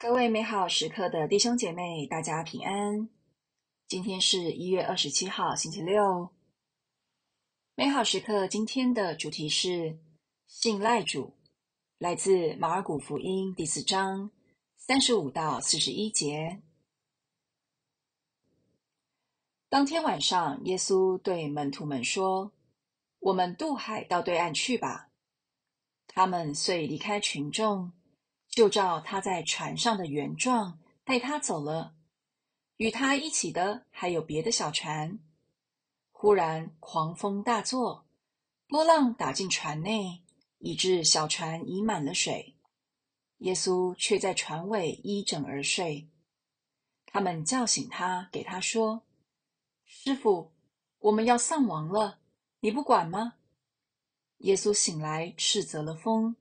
各位美好時刻的弟兄姐妹，大家平安。今天是一月二十七號，星期六。美好時刻今天的主題是信賴主，來自馬爾谷福音第四章三十五到四十一節。當天晚上，耶穌對門徒們說：“我們渡海到對岸去吧。”他們遂離開群眾。就照他在船上的原狀帶他走了，與他一起的還有別的小船。忽然，狂風大作，波浪打進船內，以致小船已滿了水。耶穌卻在船尾依枕而睡。他們叫醒他，給他說：“師傅，我們要喪亡了，你不管嗎？”耶穌醒來，叱責了風，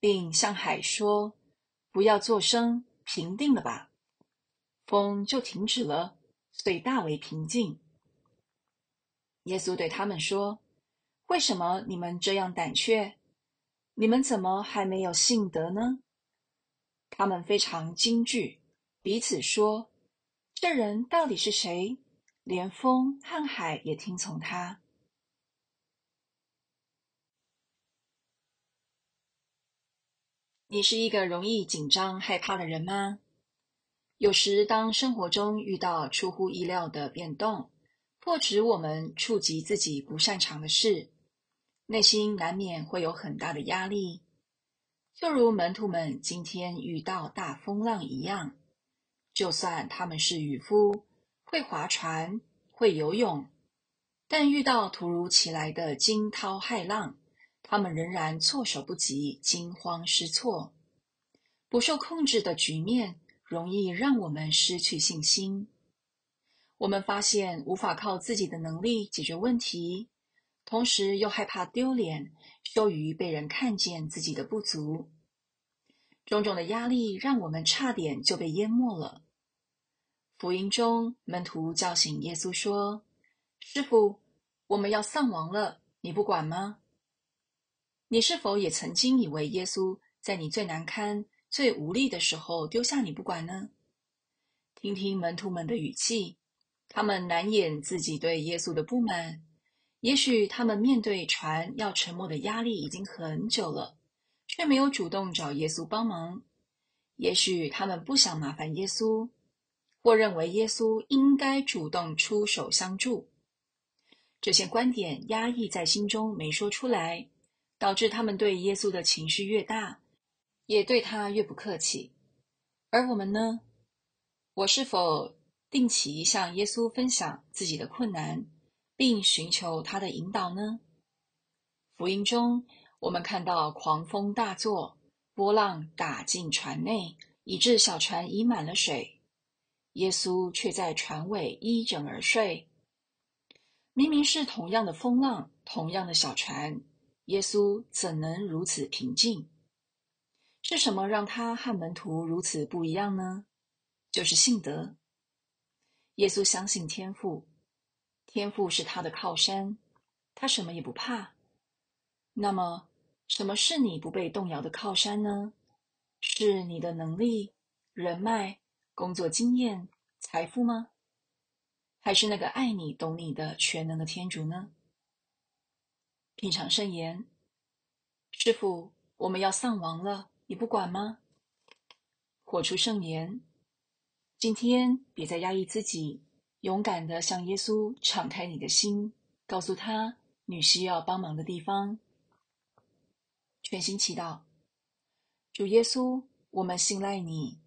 並向海說。不要作聲，平定了吧，風就停止了，遂大為平靜。耶穌對他們說：“為什麼你們這樣膽怯？你們怎麼還沒有信德呢？”他們非常驚懼，彼此說：“這人到底是誰？連風和海也聽從他。”你是一個容易緊張害怕的人嗎？有時，當生活中遇到出乎意料的變動，迫使我們觸及自己不擅長的事，內心難免會有很大的壓力。就如門徒們今天遇到大風浪一樣，就算他們是漁夫，會划船，會游泳，但遇到突如其來的驚濤駭浪。他們仍然措手不及，驚慌失措，不受控制的局面容易讓我們失去信心。我們發現無法靠自己的能力解決問題，同時又害怕丟臉，羞於被人看見自己的不足。種種的壓力讓我們差點就被淹沒了。福音中，門徒叫醒耶穌說：“師傅，我們要喪亡了，你不管嗎？”你是否也曾經以為耶穌在你最難堪、最無力的時候丟下你不管呢？聽聽門徒們的語氣，他們難掩自己對耶穌的不滿。也許他們面對船要沉沒的壓力已經很久了，卻沒有主動找耶穌幫忙。也許他們不想麻煩耶穌，或認為耶穌應該主動出手相助。這些觀點壓抑在心中，沒說出來。導致他們對耶穌的情緒越大，也對他越不客氣。而我們呢？我是否定期向耶穌分享自己的困難，並尋求他的引導呢？福音中，我們看到狂風大作，波浪打進船內，以致小船已滿了水。耶穌卻在船尾依枕而睡。明明是同樣的風浪，同樣的小船，耶穌怎能如此平靜？是什麼讓他和門徒如此不一樣呢？就是信德。耶穌相信天父，天父是他的靠山，他什麼也不怕。那麼，什麼是你不被動搖的靠山呢？是你的能力、人脈、工作經驗、財富嗎？還是那個愛你、懂你的全能的天主呢？品嚐聖言，師傅，我們要喪亡了，你不管嗎？活出聖言，今天別再壓抑自己，勇敢的向耶穌敞開你的心，告訴他，你需要幫忙的地方。全心祈禱，主耶穌，我們信賴你，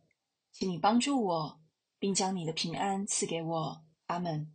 請你幫助我，並將你的平安賜給我。阿門。